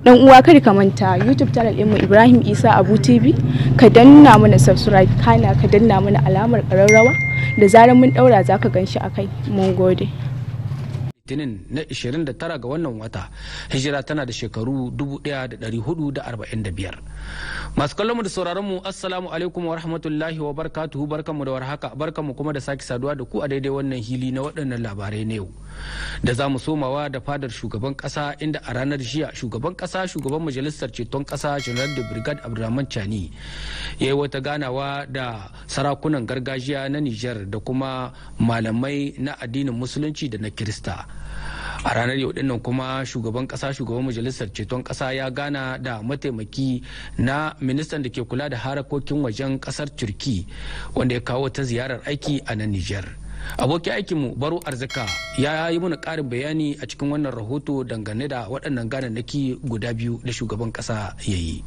dan uwa kada ka manta youtube channel mu ibrahim isa abu tv ka danna mana subscribe kana ka danna mana alamar kararrawa da zarar mun daura za ka ganshi a kai mun gode litinin na 29 ga wannan wata hijira tana da shekaru 1445 masu kallon mu da sauraron mu assalamu alaikum wa rahmatullahi wa barakatuhu barkamu da warhaka mu kuma da sake saduwa da ku a daidai wannan hili na waɗannan labarai na yau da za mu somawa da fadar shugaban kasa inda a ranar jiya shugaban kasa shugaban majalisar ceton kasa general de brigad abdulrahman chani ya yi wata ganawa da sarakunan gargajiya na niger da kuma malamai na addinin musulunci da na kirista a ranar yau dinnan kuma shugaban kasa shugaban majalisar ceton kasa ya gana da mataimaki na ministan da ke kula da harakokin wajen kasar turki wanda ya kawo ta ziyarar aiki a nan niger abokin aikinmu baro arzika ya yi mana karin bayani a cikin wannan rahoto dangane da waɗannan gananaki guda biyu da shugaban ƙasa ya yi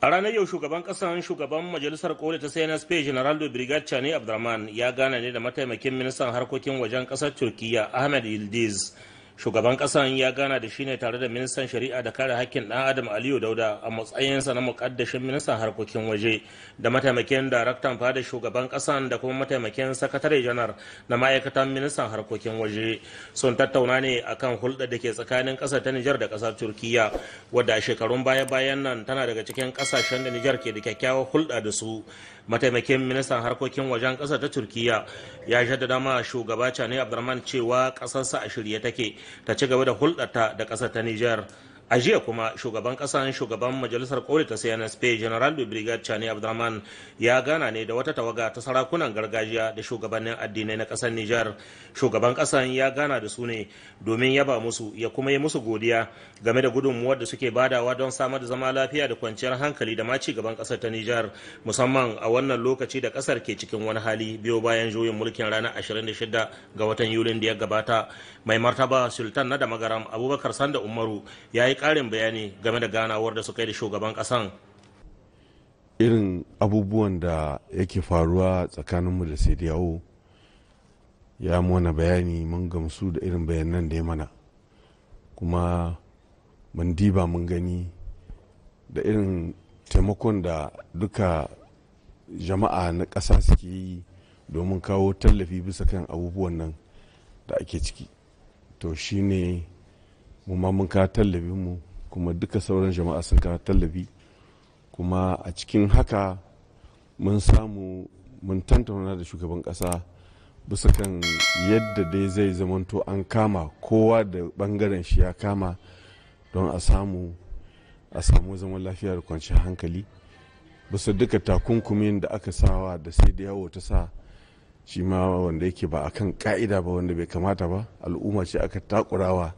a ranar yau shugaban kasa shugaban majalisar koli ta general generaldo brigad chani abdurrahman ya gana ne da mataimakin ministan harkokin wajen kasar turkiyya ahmed yildiz shugaban kasan ya gana da shi ne tare da ministan shari'a da kare hakkin dan adam aliyu dauda a matsayinsa na mukaddashin ministan harkokin waje da mataimakin daraktan fada shugaban kasan da kuma mataimakin sakatare janar na ma'aikatan ministan harkokin waje sun tattauna ne akan hulɗa da ke tsakanin ƙasar ta nijar da ƙasar turkiya wadda a shekarun baya bayan nan tana daga cikin ƙasashen da nijar ke da kyakkyawar hulɗa da su mataimakin ministan harkokin wajen ƙasar ta turkiya ya jaddada ma shugaba cani abdurrahman cewa ƙasarsa a shirye take ta ci gaba da hulɗarta da ƙasar ta nijar a jiya kuma shugaban kasan shugaban majalisar koli ta cnsp general de brigade chani abdulrahman ya gana ne da wata tawaga ta sarakunan gargajiya da shugabannin addinai na kasar nijar shugaban kasan ya gana da su ne domin yaba musu ya kuma yi musu godiya game da gudunmuwar da suke badawa don samar da zama lafiya da kwanciyar hankali da ma ci gaban kasar ta nijar musamman a wannan lokaci da kasar ke cikin wani hali biyo bayan juyin mulkin ranar 26 ga watan yulin da ya gabata mai martaba sultan na da magaram abubakar sanda umaru ya yi karin bayani game da ganawar da suka yi da shugaban kasan. irin abubuwan da yake faruwa tsakaninmu da sai yawo ya mana bayani mun gamsu da irin bayanan da ya mana kuma mun diba mun gani da irin taimakon da duka jama'a na ƙasa suke yi domin kawo tallafi bisa kan abubuwan nan da ake ciki to shine mu ma mun kawo tallafin mu kuma duka sauran jama'a sun kawo tallafi kuma a cikin haka mun samu mun tantauna da shugaban kasa bisa kan yadda dai zai zamanto an kama kowa da bangaren shi ya kama don a samu a samu zaman lafiya da kwanciyar hankali bisa duka takunkumin da aka sawa da sai da yawo ta sa shi ma wanda yake ba a kan ka'ida ba wanda bai kamata ba al'umma ce aka takurawa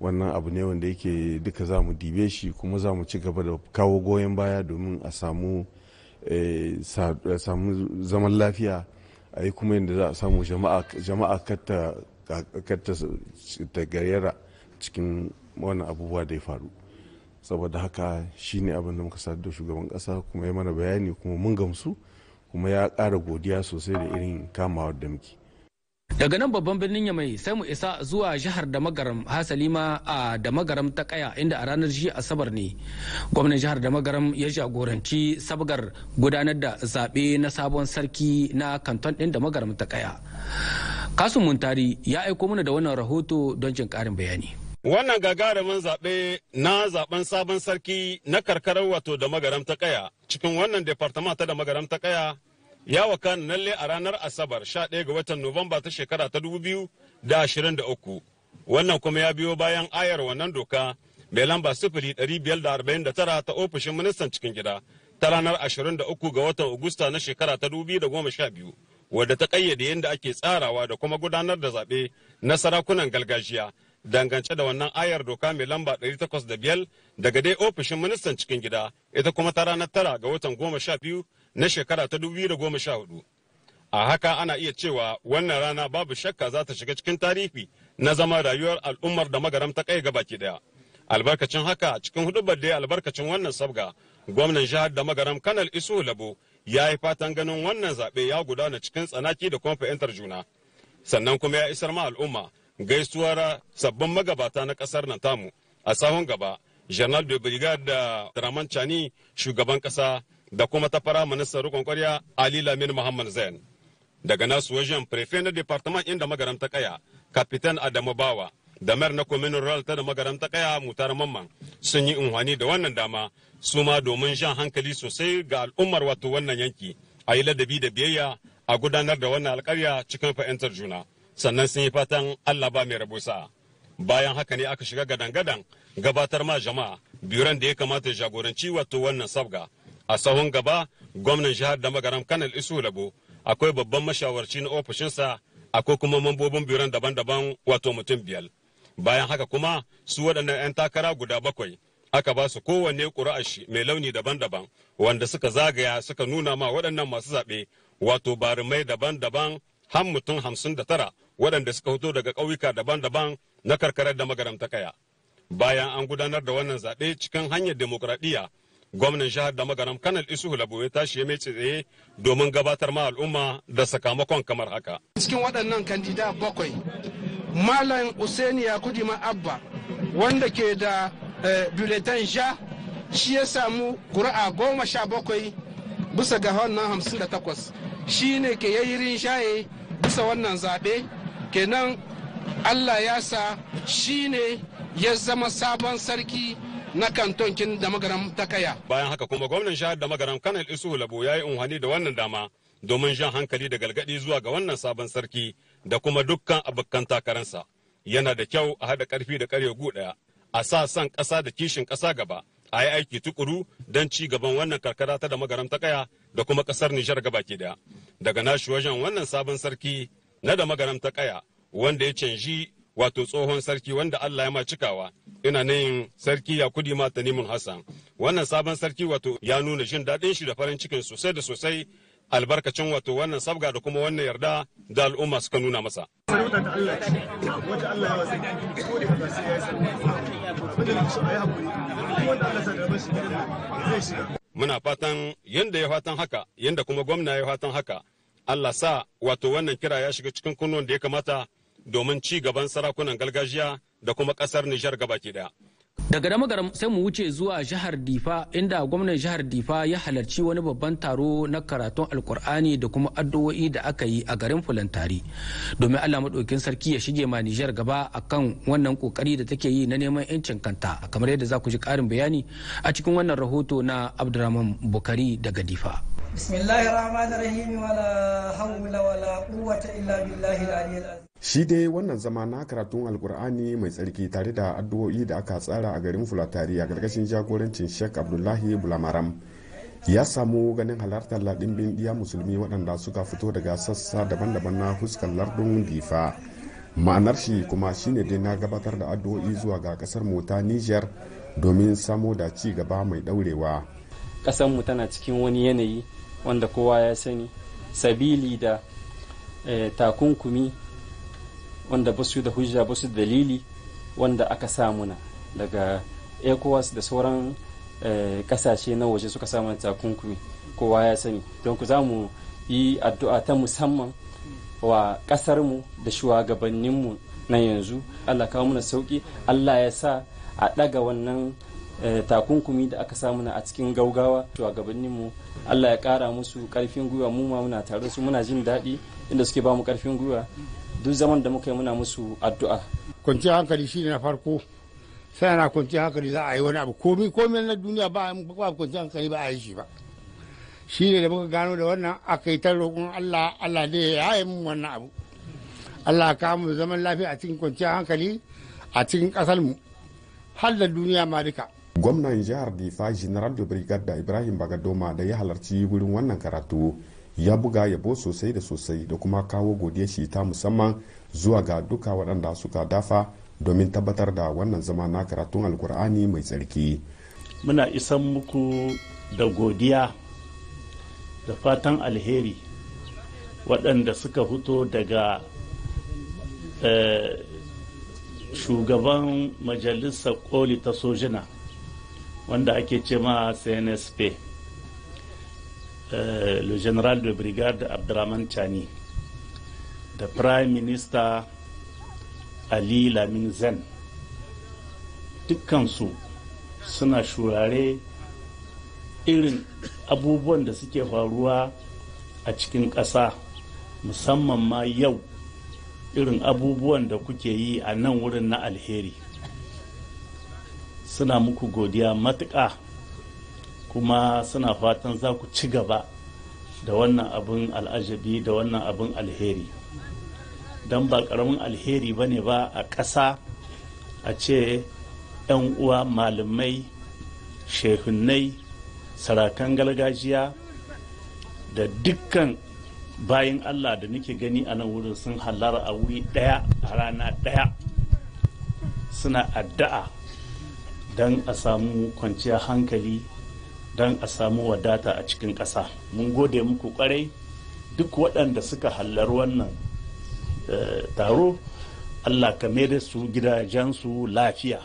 wannan abu ne wanda yake duka za mu dibe shi kuma za mu ci gaba da kawo goyon baya domin a samu eh, zaman lafiya a yi kuma yadda za a samu jama'a katta ta gayyara cikin wannan abubuwa da ya faru saboda haka shi ne abin da muka sadu da shugaban kasa kuma ya mana bayani kuma mun gamsu kuma ya ƙara godiya sosai da irin kamawar da muke daga nan babban birnin mai sai mu isa zuwa jihar damagaram hasali ma a damagaram ta kaya inda a ranar jiya asabar ne gwamnan jihar damagaram ya jagoranci sabgar gudanar da zaɓe na sabon sarki na kanton ɗin damagaram ta kaya kasu muntari ya aiko mana da wannan rahoto don jin ƙarin bayani Wannan gagarumin zaɓe na zaɓen sabon sarki na karkarar wato da magaram ta kaya cikin wannan departama ta da magaram ta kaya ya wakana nalle a ranar asabar 11 ga watan nuwamba ta shekara ta 2023 wannan kuma ya biyo bayan ayar wannan doka mai lamba 0549 ta ofishin ministan cikin gida ta ranar 23 ga watan Agusta na shekara ta 2012 wadda ta kayyade yadda ake tsarawa da kuma gudanar da zaɓe na sarakunan gargajiya dangance da wannan ayar doka mai lamba 805 daga dai ofishin ministan cikin gida ita kuma ta ranar 9 ga watan 12 na shekara ta 2014 a haka ana iya cewa wannan rana babu shakka za ta shiga cikin tarihi na zama rayuwar al'ummar da magaram ta kai gabaki daya albarkacin haka cikin hudubar da albarkacin wannan sabga gwamnan jihar da magaram kanal isu labo ya yi fatan ganin wannan zaɓe ya gudana cikin tsanaki da kuma fahimtar juna sannan kuma ya isar ma al'umma gaisuwar sabbin magabata na ƙasar nan tamu a sahun gaba general de brigade da raman shugaban ƙasa da kuma ta fara ministan rukun kwarya Ali Lamin Muhammad Zain. Daga nasu wajen prefe na departement inda magaram ta kaya, kapitan Adamu Bawa, da mayar na kwaminin rural ta da magaram ta kaya mutar mamman sun yi unhwani da wannan dama su ma domin jan hankali sosai ga al'ummar wato wannan yanki a yi ladabi da biyayya a gudanar da wannan alkarya cikin fahimtar juna sannan sun yi fatan Allah ba mai rabo Bayan haka ne aka shiga gadan-gadan gabatar ma jama'a biran da ya kamata ya jagoranci wato wannan sabga a sahun gaba gwamnan jihar da magaram kanal isu labo akwai babban mashawarci na ofishinsa akwai kuma mambobin biran daban-daban wato mutum biyar bayan haka kuma su waɗannan 'yan takara guda bakwai aka ba su kowanne ƙura'ashi mai launi daban-daban wanda suka zagaya suka nuna ma waɗannan masu zaɓe wato barumai daban-daban har mutum hamsin da tara waɗanda suka fito daga ƙauyuka daban-daban na karkarar da ta kaya bayan an gudanar da wannan zaɓe cikin hanyar demokuraɗiyya gwamnan jihar da magaram kanal isu labu ya tashi ya mai tsaye domin gabatar ma al'umma da sakamakon kamar haka cikin waɗannan kandida bakwai malam usaini yakudi ma abba wanda ke da eh, biletan ja shi ya samu kuri'a goma sha bakwai bisa ga wannan hamsin da takwas shi ne ke yayi shaye bisa wannan zaɓe kenan allah ya sa shi ne ya zama sabon sarki na kantonkin da magaram ta kaya. Bayan haka kuma gwamnan jihar da magaram kanal Isuhu Labo ya yi unhani da wannan dama domin jan hankali da galgadi zuwa ga wannan sabon sarki da kuma dukkan abokan takararsa. Yana da kyau a haɗa ƙarfi da ƙarya gu ɗaya, a sa son ƙasa da kishin ƙasa gaba, a yi aiki tukuru don ci gaban wannan karkara ta da magaram ta kaya da kuma ƙasar Nijar gaba ke daya Daga nashi wajen wannan sabon sarki na da magaram ta kaya wanda ya canji wato tsohon sarki wanda Allah ya ma cikawa ina nan sarki ya kudi ma Tanimun Hassan wannan sabon sarki wato ya nuna jin daɗin shi da farin cikin sosai da sosai albarkacin wato wannan sabga da kuma wannan yarda da al'umma suka nuna masa. Muna fatan yanda ya fatan haka, yanda kuma gwamna ya fatan haka, Allah sa wato wannan kira ya shiga cikin kunnuwan da ya kamata domin ci gaban sarakunan gargajiya da kuma kasar Nijar gabaki daya. Daga garam sai mu wuce zuwa jihar Difa inda gwamnan jihar Difa ya halarci wani babban taro na karatun Alkur'ani da kuma addu'o'i da aka yi a garin Fulantari. Domin Allah maɗaukin sarki ya shige ma Nijar gaba akan wannan kokari da take yi na neman 'yancin kanta kamar yadda za ku ji ƙarin bayani a cikin wannan rahoto na abdulrahman Bukari daga Difa. illa shi dai wannan zama na karatun alkur'ani mai tsarki tare da addu'o'i da aka tsara a garin fulatari a gargashin jagorancin sheikh abdullahi bulamaram ya samu ganin halartar ladin bindiya musulmi waɗanda suka fito daga sassa daban-daban na fuskan lardun difa ma'anar shi kuma shine dai na gabatar da addu'o'i zuwa ga kasar mota ta niger domin samo da ci gaba mai daurewa kasar mu tana cikin wani yanayi wanda kowa ya sani sabili da eh, takunkumi wanda ba su da hujja ba su dalili wanda aka samuna daga ecowas da sauran eh, kasashe na waje suka samu takunkumi kowa ya sani don ku za mu yi addu'a ta musamman wa kasarmu da shugabanninmu na yanzu allah kawo muna sauki allah ya sa a ɗaga wannan Eh, takunkumi da aka samu na a cikin gaugawa mu allah ya kara musu karfin gwiwa mu ma muna tare su muna jin daɗi inda suke ba mu karfin gwiwa duk zaman da muka yi muna musu addu'a kwanciyar hankali shine na farko sai na kwanciyar hankali za a yi wani abu komai komai na duniya ba ba kwanciyar hankali ba a yi shi ba shine da muka gano da wannan aka yi ta roƙon allah allah ne ya yi mu wannan abu allah ka mu zaman lafiya a cikin kwanciyar hankali a cikin kasar mu har da duniya ma duka gwamnan jihar difa general da brigada ibrahim bagadoma da ya halarci wurin wannan karatu ya buga yabo sosai da sosai da kuma kawo godiyar shi ta musamman zuwa ga duka waɗanda suka dafa domin tabbatar da wannan zama na karatun alkur'ani mai tsarki muna isan muku da godiya da fatan alheri waɗanda suka fito daga eh, shugaban majalisar koli ta sojina wanda ake ce ma cnsp uh, eh, le general de brigade Abdraman chani da prime minister ali lamin zen dukkansu suna shurare irin abubuwan da suke faruwa a cikin ƙasa musamman ma yau irin abubuwan da kuke yi a nan wurin na alheri suna muku godiya matuƙa kuma suna fatan za ku ci gaba da wannan abin al'ajabi da wannan abin alheri don ba ƙaramin alheri ba ba a ƙasa a ce 'yan uwa malamai shehunai sarakan gargajiya da dukkan bayan allah da nake gani a nan wurin sun halara a wuri ɗaya a rana ɗaya suna addu'a don a samu kwanciyar hankali don a samu wadata a cikin ƙasa mun gode muku kwarai duk waɗanda suka hallar wannan eh, taro allah ka da su gidajensu lafiya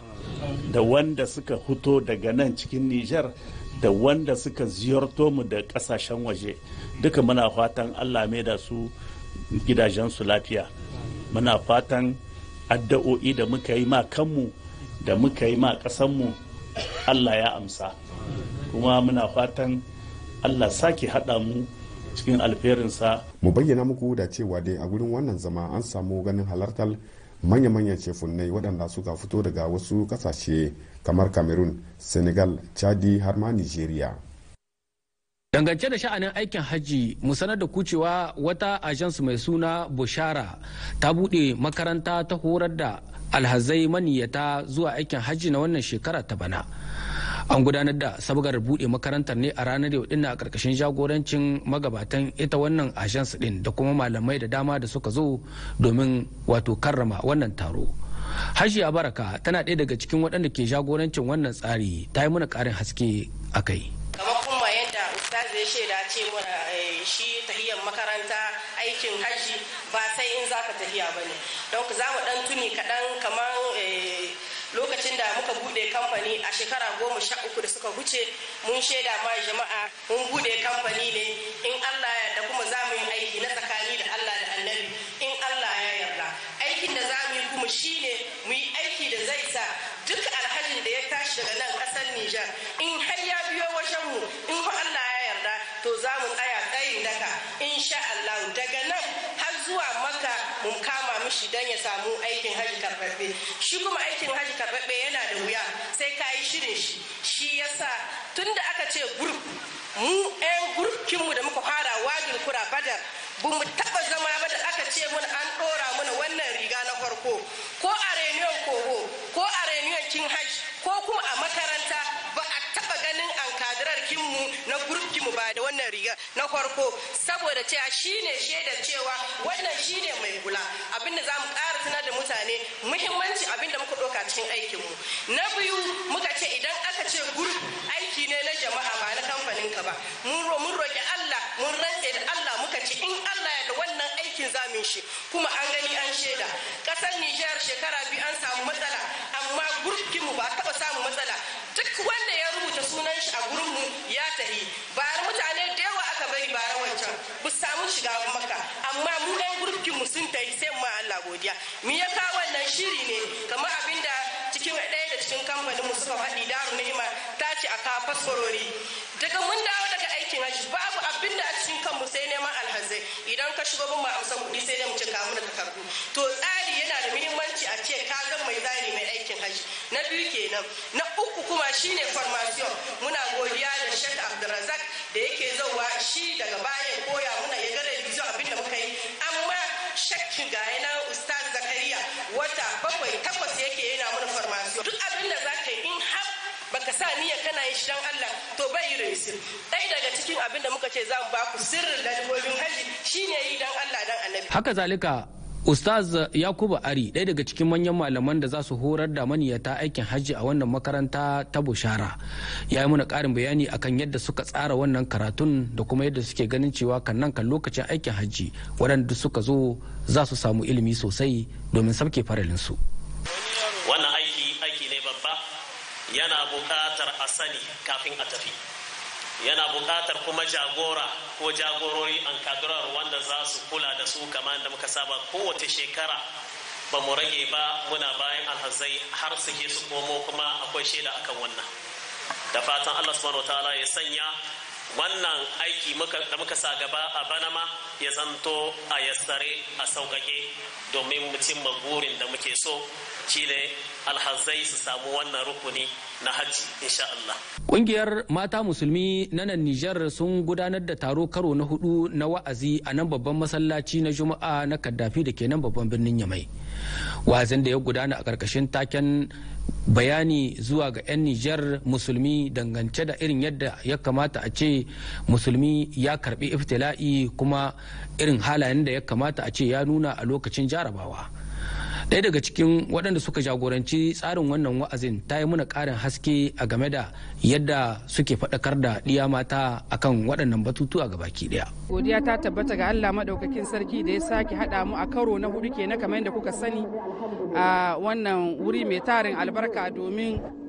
da wanda suka huto daga nan cikin nijar da wanda suka ziyarto mu da ƙasashen waje duka muna fatan allah da su gidajensu lafiya muna fatan addu'o'i da muka yi ma kanmu da muka yi ma ƙasanmu allah ya amsa kuma muna fatan allah sake haɗa mu cikin alferinsa mu bayyana muku da cewa dai a gurin wannan zama an samu ganin halartar manya-manyan cefunai waɗanda suka fito daga wasu ƙasashe kamar cameroon senegal chadi har ma nigeria dangance da sha'anin aikin hajji mu sanar da kucewa wata ajans mai suna bushara ta buɗe makaranta ta horar da alhazai maniyata zuwa aikin hajji na wannan shekara ta bana an gudanar da sabgar bude makarantar ne a ranar yau dinna a ƙarƙashin jagorancin magabatan ita wannan ashans ɗin da kuma malamai da dama da suka zo domin wato karrama wannan taro hajji a baraka tana ɗaya daga cikin waɗanda ke jagorancin wannan tsari ta yi mana ƙarin haske a kai kuma yadda ustaz ya shaida ce mana eh, shi tahiyar makaranta aikin hajji kamfani a shekara goma sha uku da suka wuce mun shaida ma jama'a mun bude kamfani ne in allah da kuma za mu yi aiki na tsakanin samu aikin haji karɓaɓɓe shi kuma aikin haji karɓaɓɓe yana da wuya sai ka yi shirin shi shi yasa tun da aka ce group mu 'yan gurkinmu da muka fara wajin kura badar ba mu taɓa zama ba da aka ce mun an ɗora mana wannan riga na farko ko a reniyon kogo ko a reniyon kin haji ko kuma a makaranta ba kinmu na mu ba da wannan riga na farko saboda cewa shine shaidar cewa wannan shine mai kula abinda za mu ƙara tunar da mutane muhimmanci abinda muka ɗauka cikin aikinmu na biyu muka ce idan aka ce guruf aiki ne na jama'a ba na kamfanin ka ba mun roƙi Allah mun rantse da Allah muka ce in Allah ya da wannan aikin zamin shi kuma an gani an shaida ƙasar Nijar shekara biyu an samu matsala amma gurbin mu ba taba samun matsala duk wanda ya rubuta sunan shi a gurin mu ya tahi bayar mutane da yawa aka bari bara wancan bu samu shiga maka amma mu dan gurbin mu sun tahi sai ma Allah godiya me ya kawo wannan shiri ne kamar abinda cikin ɗaya da cikin kamfanin mu suka faɗi daru ni'ima ta ce a kawo fasfarori daga mun dawo daga aikin hajji babu abinda da a cikin kanmu sai neman alhazai idan ka shigo ba ma amsa kuɗi sai dai mu ci kamu da takardu to kenan na uku kuma shine formation muna godiya da shek abdulrazak da yake zauwa shi daga bayan koya muna ya ga revision abin da muka yi amma shakki ga yana ustaz zakariya wata bakwai takwas yake yana mana formation duk abinda da za ka yi in har baka sa niyyar kana yin shi dan Allah to bai yi revision ɗaya daga cikin abin da muka ce za mu ba ku sirrin ladabobin haji shine yi dan Allah dan annabi haka zalika Ustaz Yakubu Ari ɗaya daga cikin manyan malaman da za su horar da maniyata aikin hajji a wannan makaranta ta Bushara ya yi mana ƙarin bayani akan yadda suka tsara wannan karatun da kuma yadda suke ganin cewa kan nan kan lokacin aikin hajji waɗanda suka zo za su samu ilimi sosai domin sabke faralinsu. Wannan aiki aiki ne babba yana buƙatar a sani kafin a tafi. yana buƙatar kuma jagora ko jagorori an kadurar wanda za su kula da su kamar da muka saba kowace shekara ba mu rage ba muna bayan alhazai har suke su komo kuma akwai shaida akan wannan da fatan allah subhanahu wa ta'ala ya sanya wannan aiki da muka sa gaba a banama ya zanto a yassare a sauƙaƙe domin mutum cimma burin da muke so shine alhazai su samu wannan rukuni na hajji insha Allah. Kungiyar mata musulmi na nan Nijar sun gudanar da taro karo na hudu na wa'azi a nan babban masallaci na Juma'a na Kaddafi da ke nan babban birnin Yamai. Wa'azin da ya gudana a ƙarƙashin taken bayani zuwa ga 'yan nijar musulmi dangance da irin yadda ya kamata a ce musulmi ya karbi iftila'i kuma irin halayen da ya kamata a ce ya nuna a lokacin jarabawa daya daga cikin waɗanda suka jagoranci tsarin wannan wa'azin ta yi muna ƙarin haske a game da yadda suke faɗakar da ɗiya mata a akan waɗannan batutuwa ga baki ɗaya. godiya ta tabbata ga allah maɗaukakin sarki da ya sake haɗa mu a karo na hudu kenan kamar yadda kuka sani a wannan wuri mai tarin albarka domin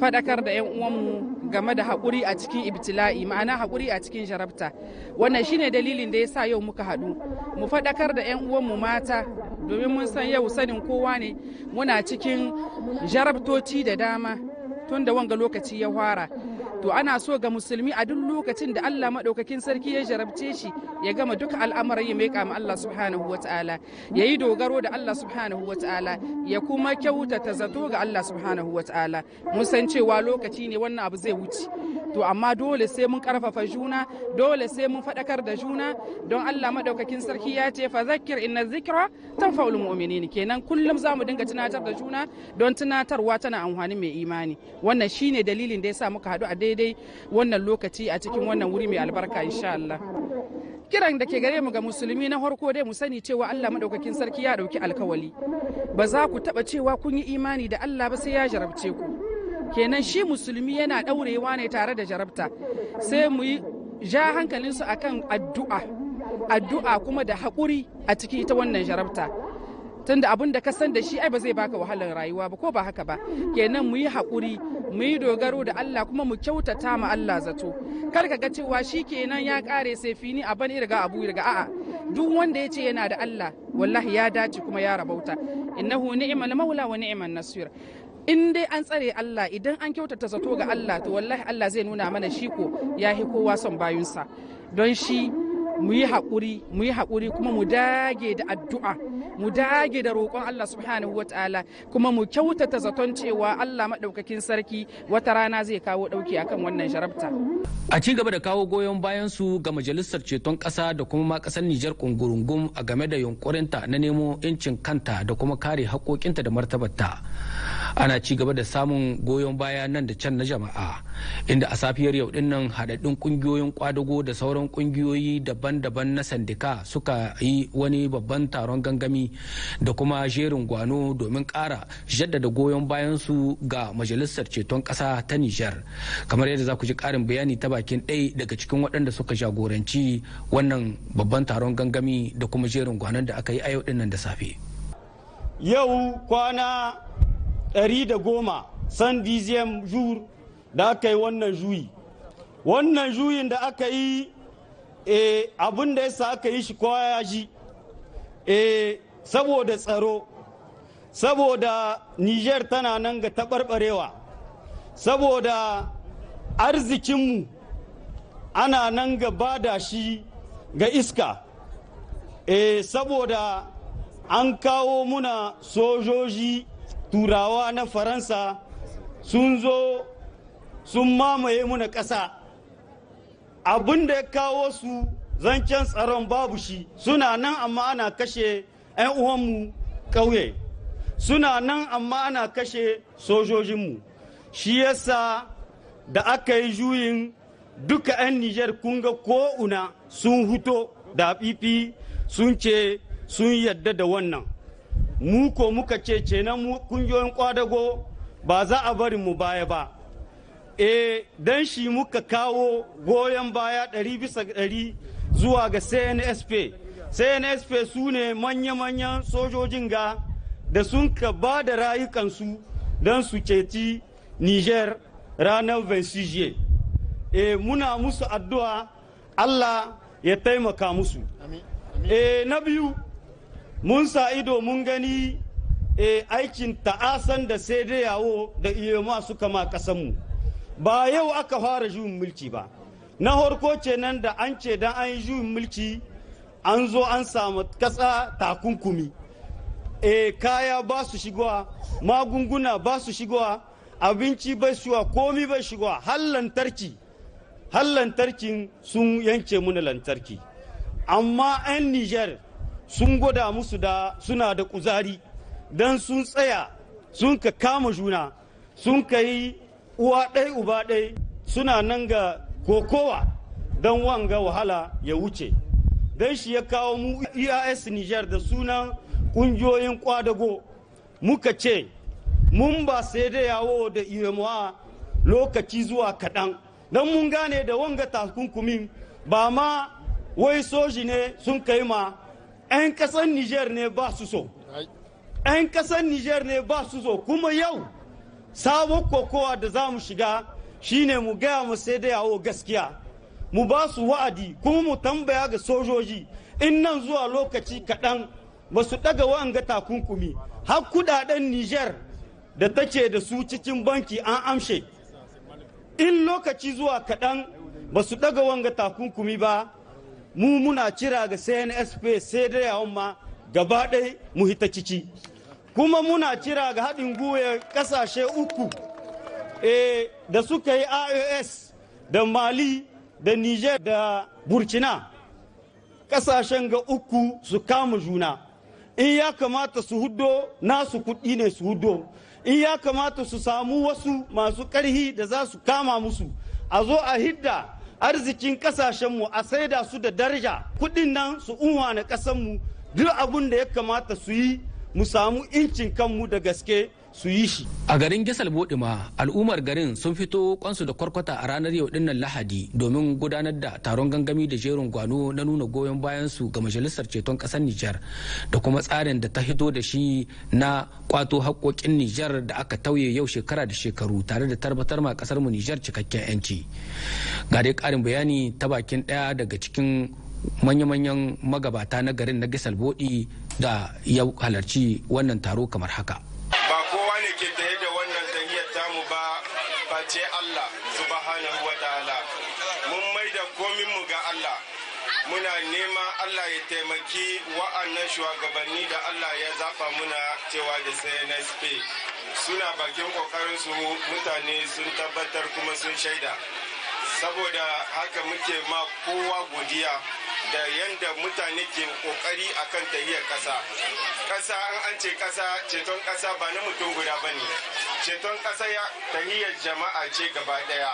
faɗakar da 'yan uwanmu game da haƙuri a cikin ibtila'i ma'ana haƙuri a cikin jarabta wannan shine dalilin da ya sa yau muka haɗu mu faɗakar da 'yan uwanmu mata domin mun san yau sanin kowa ne muna cikin jarabtoci da dama tun da wanga lokaci ya fara to ana so ga musulmi a duk lokacin da Allah maɗaukakin sarki ya jarabce shi ya gama duka al'amarin ya mai ma Allah subhanahu wataala ya yi dogaro da Allah subhanahu wataala ya kuma kyautata zato ga Allah subhanahu wataala mun san cewa lokaci ne wannan abu zai wuce to amma dole sai mun karfafa juna dole sai mun faɗakar da juna don Allah maɗaukakin sarki ya ce fa zakir inna zikra tanfa'ul mu'minin kenan kullum zamu dinga tunatar da juna don tunatarwa tana amfani mai imani wannan shine dalilin da yasa muka haɗu a daidai wannan lokaci a cikin wannan wuri mai albarka insha Allah kiran da ke gare mu ga musulmi na harko dai mu sani cewa Allah madaukakin sarki ya ɗauki alkawali ba za ku taɓa cewa kun yi imani da Allah ba sai ya jarabce ku kenan shi musulmi yana ɗaurewa ne tare da jarabta sai mu yi ja hankalinsu akan addu'a addu'a kuma da haƙuri a ciki ita wannan jarabta tunda abin da ka san da shi ai ba zai baka wahalar rayuwa ba ko ba haka ba kenan mu yi haƙuri mu yi dogaro da Allah kuma mu kyautata ma Allah zato kar ka ga cewa shi kenan ya kare sai fini a ban irga abu irga a'a duk wanda ya ce yana da Allah wallahi ya dace kuma ya rabauta innahu ni'mal maula wa ni'man nasir in dai an tsare Allah idan an kyautata zato ga Allah to wallahi Allah zai nuna mana shi ko ya hi kowa son bayunsa don shi mu yi haƙuri mu yi haƙuri kuma mu dage da addu'a mu dage da roƙon Allah subhanahu wataala kuma mu kyautata zaton cewa Allah maɗaukakin sarki wata rana zai kawo ɗauki akan wannan sharabta a ci gaba da kawo goyon bayan su ga majalisar ceton ƙasa da kuma ma ƙasar Nijar kungurungum a game da yunkurinta na nemo 'yancin kanta da kuma kare haƙoƙinta da martabarta ana ci gaba da samun goyon baya nan da can na jama'a inda a safiyar yau din nan haɗaɗɗun ƙungiyoyin kwadago da sauran ƙungiyoyi daban-daban na sandika suka yi wani babban taron gangami da kuma jerin gwano domin kara jaddada goyon bayansu ga majalisar ceton ƙasa ta nijar kamar yadda za ku ji ƙarin bayani ta bakin ɗaya daga cikin waɗanda suka jagoranci wannan babban taron gangami da kuma jerin gwanon da aka yi a yau din nan da safe yau kwana 110 san dizem jur da aka yi wannan juyi wannan juyin da aka yi eh, abin da yasa aka yi shi kowa ya ji eh, saboda tsaro saboda niger tana nan ga taɓarɓarewa saboda arzikinmu ana nan ga bada shi ga iska e, saboda an kawo muna sojoji turawa na faransa sun zo sun mamaye muna ƙasa abin da ya kawo su zancen tsaron babu shi suna nan amma ana kashe 'yan uwanmu ƙauye suna nan amma ana kashe sojojinmu shi yasa da aka yi juyin duka 'yan nijar kunga ko'una sun huto da fifi sun ce sun yadda da wannan mu ko muka ce na mu kungiyoyin kwadago ba za a bari mu baya ba e dan shi muka kawo goyon baya ɗari bisa ɗari zuwa ga cnsp cnsp su ne manya-manyan sojojin ga da sun ka ba da rayukansu don su ceci niger ranar Vensije. e eh, muna musu addu'a allah ya taimaka musu e na biyu mun sa ido mun gani e, aikin ta'asan da sai dai yawo da iyoma suka ma kasanmu ba yau aka fara juyin mulki ba na harko kenan da an ce dan an yi juyin mulki an zo an samu kasa takunkumi e, kaya ba su shigowa magunguna ba su shigowa abinci bai shigowa komi bai shigowa har lantarki har lantarkin sun yance muna lantarki amma 'yan niger sun gwada musu da suna da kuzari don sun tsaya sun ka kama juna sun ka yi uwa ɗai uba ɗai suna nan ga kokowa don wanga wahala ya wuce don shi ya kawo mu eas niger da sunan ƙungiyoyin kwadago muka ce mun ba sai da yawo da iremuwa lokaci zuwa kaɗan don mun gane da wanga takunkumin ba ma wai soji ne sun kai ma 'yan kasar niger ne ba su so 'yan kasar niger ne ba su so kuma yau sabon kokowa da za mu shiga shine mu gaya mu sai da yawo gaskiya mu ba su wa'adi kuma mu tambaya ga sojoji in nan zuwa lokaci kaɗan ba su ɗaga wa'anga takunkumi har kudaden niger da take da su cikin banki an amshe in lokaci zuwa kaɗan ba su ɗaga wanga takunkumi ba mu muna kira ga CNSP sai da yawon ma gaba ɗaya mu hita cici kuma muna kira ga haɗin gwiwa ƙasashe uku eh, da suka yi IOS da Mali da Niger da Burkina ƙasashen ga uku su kama juna in ya kamata su hudo nasu kuɗi ne su hudo in ya kamata su samu wasu masu ƙarhi da za su kama musu a zo a hidda arzikin kasashenmu a saida su da darja kudin nan su unwa na kasanmu duk abun da ya kamata su yi mu samu incin kanmu da gaske su yi shi a garin gisal ma al'ummar garin sun fito kwansu da kwarkwata a ranar yau dinnan lahadi domin gudanar da taron gangami da jerin gwano na nuna goyon bayan su ga majalisar ceton kasar nijar da kuma tsarin da ta hito da shi na kwato haƙoƙin nijar da aka tauye yau shekara da shekaru tare da tarbatar ma kasar mu nijar cikakken yanci ga dai ƙarin bayani ta bakin ɗaya daga cikin manya-manyan magabata na garin na gisal bodi da ya halarci wannan taro kamar haka taimaki wa'annan shugabanni da Allah ya zafa muna cewa da CNSP suna bakin ƙoƙarinsu mutane sun tabbatar kuma sun shaida saboda haka muke ma kowa godiya da yadda mutane ke kokari kan tahiyar kasa ƙasa. an an ce kasa ceton ƙasa ba na mutum guda ba ne ceton ƙasa ya tahiyar jama'a ce gaba daya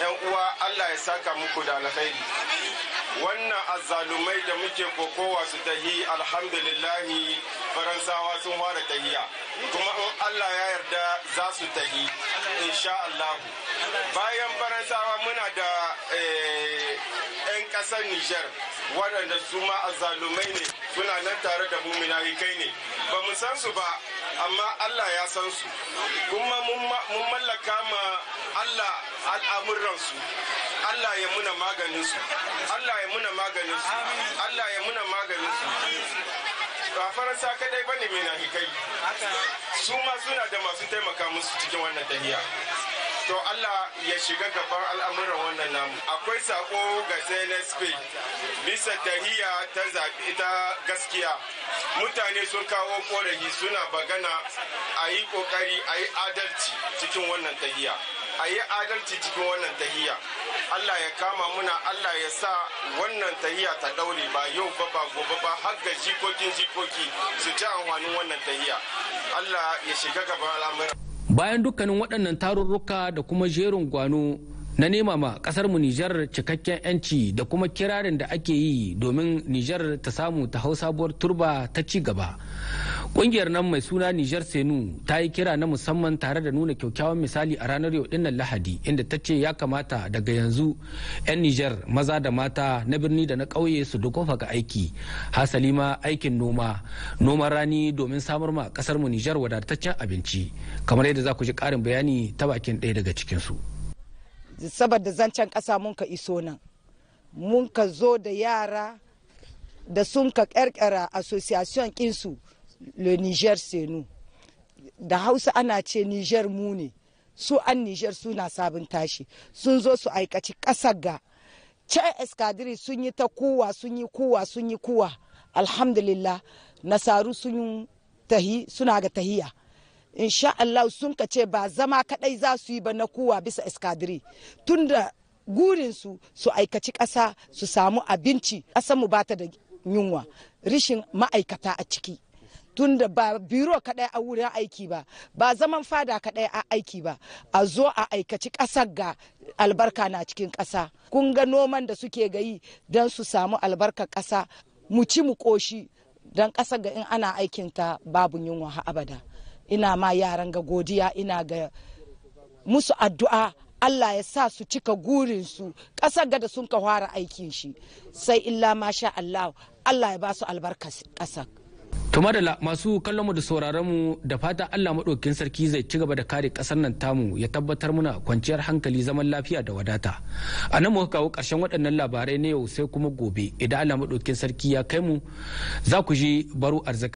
yan uwa allah ya saka muku da alkhairi wannan azzalumai da muke kokowa su tahi alhamdulillahi faransawa sun fara tahiya kuma in allah ya yarda za su tahi insha allahu bayan faransawa muna da 'yan eh, ƙasar nijar waɗanda su ma azzalumai ne suna nan tare da mu kai ne ba mu san su ba amma Allah ya san su kuma mun mallaka ma Allah al'amuransu Allah ya muna maganinsu Allah ya muna maganinsu Allah ya muna maganinsu ba faransa kadai bane mai kai? su ma suna da masu taimaka musu cikin wannan tahiya to Allah ya shiga gaban al'amuran wannan namu akwai sako ga ZNSP bisa tahiya ta zaɓi ta gaskiya mutane sun kawo korafi suna bagana a yi kokari a yi adalci cikin wannan tahiya a yi adalci cikin wannan tahiya Allah ya kama muna Allah ya sa wannan tahiya ta daure ba yau ba ba gobe ba har ga jikokin jikoki su ci amfanin wannan tahiya Allah ya shiga gaba al'amura bayan dukkanin waɗannan tarurruka da kuma jerin gwano na nema ma kasar mu Nijar cikakken yanci da kuma kirarin da ake yi domin Nijar ta samu ta hau sabuwar turba ta ci gaba Kungiyar nan mai suna Niger Senu ta yi kira na musamman tare da nuna kyakkyawan misali a ranar yau dinnan Lahadi inda ta ce ya kamata daga yanzu 'yan Niger maza da mata na birni da na ƙauye su dukofa ga aiki. Hasali ma aikin noma, noman rani domin samar ma kasar mu Niger wadataccen abinci. Kamar yadda za ku ji karin bayani ta bakin ɗaya daga cikin su Saboda zancen ƙasa mun ka iso nan. Mun ka zo da yara da sun ka ƙarƙara association ƙinsu. le niger senu da hausa ana ce niger mu ne su an niger suna sabon tashi sun zo su aikaci ƙasar ga Ce eskadiri sun yi ta kuwa sun yi kuwa sun yi kuwa alhamdulillah nasaru sun tahi suna ga tahiya insha Allah sun ka ce ba zama kaɗai za su yi ba na kuwa bisa eskadiri tunda gurinsu su aikaci ƙasa su samu abinci ƙasa mu bata da yunwa rishin ma'aikata a ciki tunda ba biro kaɗai a wurin aiki ba ba zaman fada kaɗai a aiki ba a zo a aikaci ƙasar ga albarka na cikin ƙasa kun ga noman da suke gayi don su samu albarkar ƙasa mu ci mu ƙoshi don ƙasar ga in ana aikin ta babu yunwa abada ina ma yaran ga godiya ina ga musu addu'a Allah ya sa su cika gurinsu ƙasar gada sun ka fara aikin shi sai illa masha Allah Allah ya ba su albarkar ƙasar tumadala masu kallon mu da sauraron mu da fata allah maɗaukin sarki zai ci gaba da kare kasar nan tamu ya tabbatar muna kwanciyar hankali zaman lafiya da wadata a nan muka kawo ƙarshen waɗannan labarai na yau sai kuma gobe idan allah madokin sarki ya kai mu za ku ji baro arziki